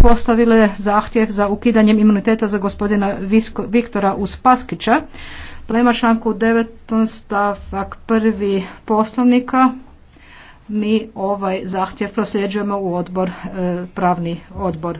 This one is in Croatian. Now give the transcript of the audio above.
postavile zahtjev za ukidanjem imuniteta za gospodina Visko, Viktora Uspaskića. Prema članku 9. stavak 1. poslovnika mi ovaj zahtjev prosljeđujemo u odbor, e, pravni odbor.